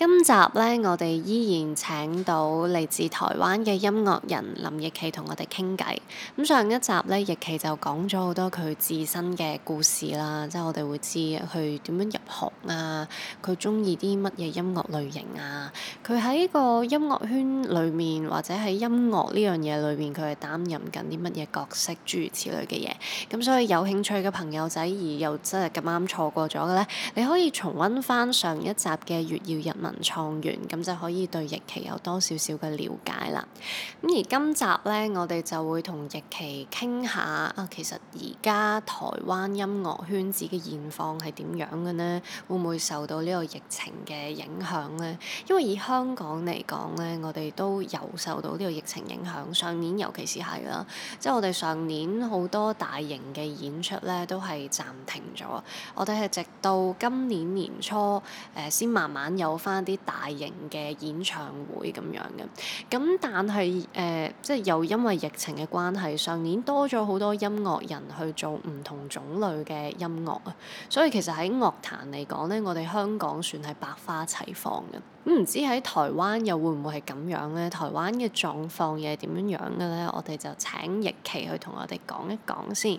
今集呢，我哋依然請到嚟自台灣嘅音樂人林易祺同我哋傾偈。咁上一集呢，易祺就講咗好多佢自身嘅故事啦，即係我哋會知佢點樣入行啊，佢中意啲乜嘢音樂類型啊，佢喺個音樂圈裏面或者喺音樂呢樣嘢裏面，佢係擔任緊啲乜嘢角色諸如此類嘅嘢。咁所以有興趣嘅朋友仔而又真係咁啱錯過咗嘅呢，你可以重温翻上，上一集嘅《月耀日》物」文創園咁就可以對易祺有多少少嘅了解啦。咁而今集咧，我哋就會同易祺傾下啊。其實而家台灣音樂圈子嘅現況係點樣嘅咧？會唔會受到呢個疫情嘅影響咧？因為以香港嚟講咧，我哋都有受到呢個疫情影響，上年尤其是係啦、啊，即係我哋上年好多大型嘅演出咧，都係暫停咗。我哋係直到今年年初誒先、呃、慢慢有翻。啲大型嘅演唱會咁樣嘅咁，但係誒、呃，即係又因為疫情嘅關係，上年多咗好多音樂人去做唔同種類嘅音樂啊，所以其實喺樂壇嚟講咧，我哋香港算係百花齊放嘅咁。唔知喺台灣又會唔會係咁樣咧？台灣嘅狀況又係點樣樣嘅咧？我哋就請易祺去同我哋講一講先。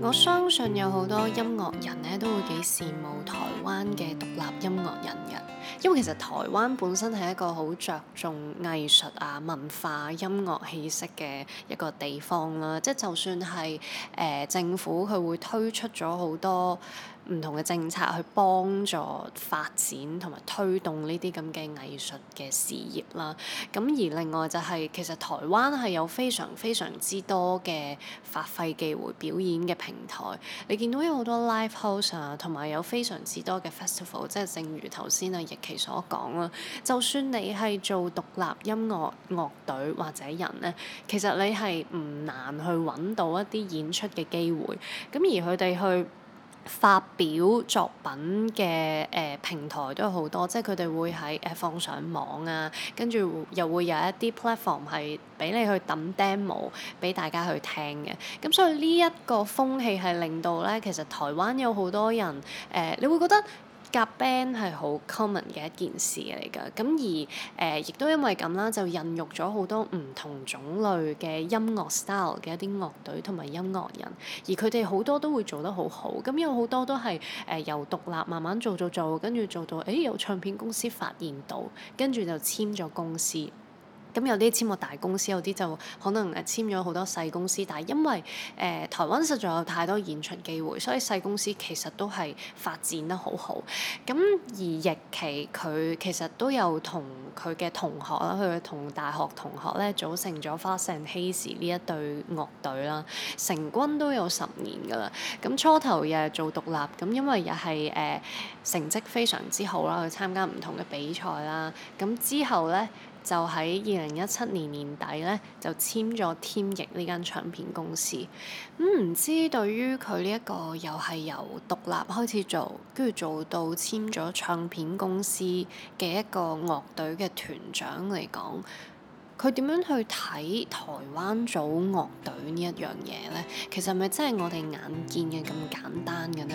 我相信有好多音樂人咧都會幾羨慕台灣嘅獨立音樂人嘅，因為其實台灣本身係一個好着重藝術啊、文化、音樂氣息嘅一個地方啦。即就算係、呃、政府佢會推出咗好多唔同嘅政策去幫助發展同埋推動呢啲咁嘅藝術嘅事業啦。咁而另外就係、是、其實台灣係有非常非常之多嘅發揮機會、表演嘅平台。你見到有好多 live house 啊，同埋有，有非常之多嘅 festival。即係正如頭先阿易祺所講啦，就算你係做獨立音樂樂隊或者人呢，其實你係唔難去揾到一啲演出嘅機會。咁而佢哋去。發表作品嘅誒、呃、平台都有好多，即係佢哋會喺誒放上網啊，跟住又會有一啲 platform 係俾你去揼 demo 俾大家去聽嘅。咁所以呢一個風氣係令到咧，其實台灣有好多人誒、呃，你會覺得夾 band 係好 common 嘅一件事嚟㗎，咁而誒亦都因為咁啦，就孕育咗好多唔同種類嘅音樂 style 嘅一啲樂隊同埋音樂人，而佢哋好多都會做得好好，咁有好多都係誒、呃、由獨立慢慢做做做，跟住做到誒、欸、有唱片公司發現到，跟住就簽咗公司。咁有啲簽個大公司，有啲就可能誒簽咗好多細公司。但係因為誒、呃、台灣實在有太多演出機會，所以細公司其實都係發展得好好。咁而易祺，佢其實都有同佢嘅同學啦，佢同大學同學咧組成咗 Vast & Hazy 呢一隊樂隊啦，成軍都有十年㗎喇。咁初頭又係做獨立，咁因為又係誒成績非常之好啦，去參加唔同嘅比賽啦。咁之後咧。就喺二零一七年年底咧，就簽咗添翼呢間唱片公司。唔、嗯、知對於佢呢一個又係由獨立開始做，跟住做到簽咗唱片公司嘅一個樂隊嘅團長嚟講，佢點樣去睇台灣組樂隊呢一樣嘢呢？其實係咪真係我哋眼見嘅咁簡單嘅呢？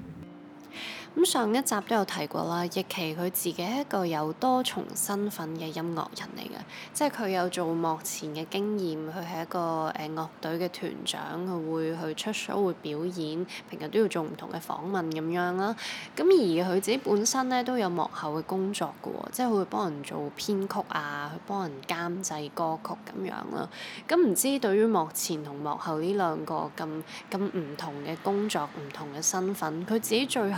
咁上一集都有提過啦，易祺佢自己係一個有多重身份嘅音樂人嚟嘅，即係佢有做幕前嘅經驗，佢係一個誒樂隊嘅團長，佢會去出 show 會表演，平日都要做唔同嘅訪問咁樣啦。咁而佢自己本身咧都有幕後嘅工作嘅，即係佢會幫人做編曲啊，幫人監製歌曲咁樣啦。咁唔知對於幕前同幕後呢兩個咁咁唔同嘅工作，唔同嘅身份，佢自己最享。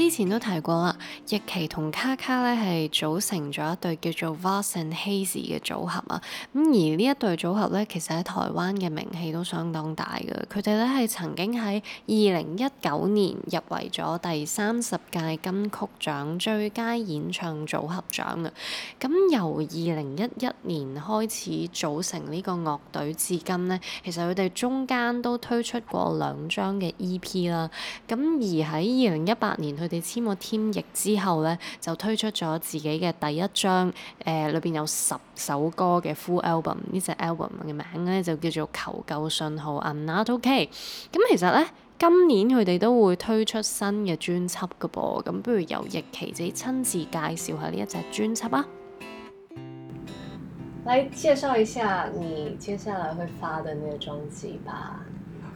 之前都提過啦，易祺同卡卡咧，係組成咗一對叫做 Vast and Hazy 嘅組合啊。咁而呢一對組合咧，其實喺台灣嘅名氣都相當大嘅。佢哋咧係曾經喺二零一九年入圍咗第三十屆金曲獎最佳演唱組合獎嘅。咁由二零一一年開始組成呢個樂隊至今咧，其實佢哋中間都推出過兩張嘅 EP 啦。咁而喺二零一八年去。佢哋簽咗添翼之後呢，就推出咗自己嘅第一張誒，裏、呃、邊有十首歌嘅 full album al 呢。呢隻 album 嘅名咧就叫做《求救信號》okay，《u n not o k y 咁其實呢，今年佢哋都會推出新嘅專輯噶噃。咁不如由易祺自己親自介紹下呢一隻專輯啊！來介紹一下你接下來會發嘅呢個專輯吧。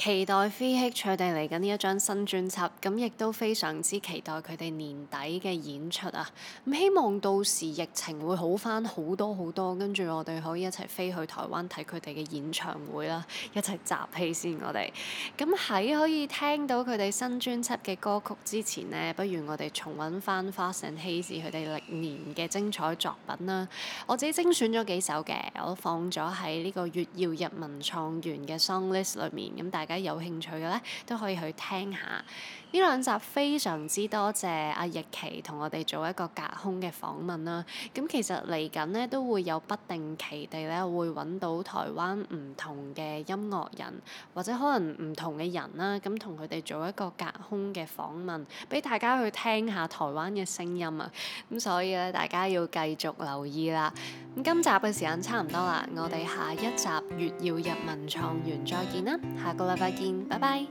期待 V&H 佢哋嚟緊呢一張新專輯，咁亦都非常之期待佢哋年底嘅演出啊！咁希望到時疫情會好翻好多好多，跟住我哋可以一齊飛去台灣睇佢哋嘅演唱會啦，一齊集氣先我哋。咁喺可以聽到佢哋新專輯嘅歌曲之前咧，不如我哋重温翻 Vast & Hazy 佢哋歷年嘅精彩作品啦。我自己精選咗幾首嘅，我放咗喺呢個月曜日文創園嘅 song list 裏面，咁大家。大家有興趣嘅咧，都可以去聽下。呢兩集非常之多謝阿易祺同我哋做一個隔空嘅訪問啦，咁其實嚟緊呢，都會有不定期地咧會揾到台灣唔同嘅音樂人或者可能唔同嘅人啦，咁同佢哋做一個隔空嘅訪問，俾大家去聽一下台灣嘅聲音啊，咁所以咧大家要繼續留意啦。咁今集嘅時間差唔多啦，我哋下一集月曜日文創園再見啦，下個禮拜見，拜拜。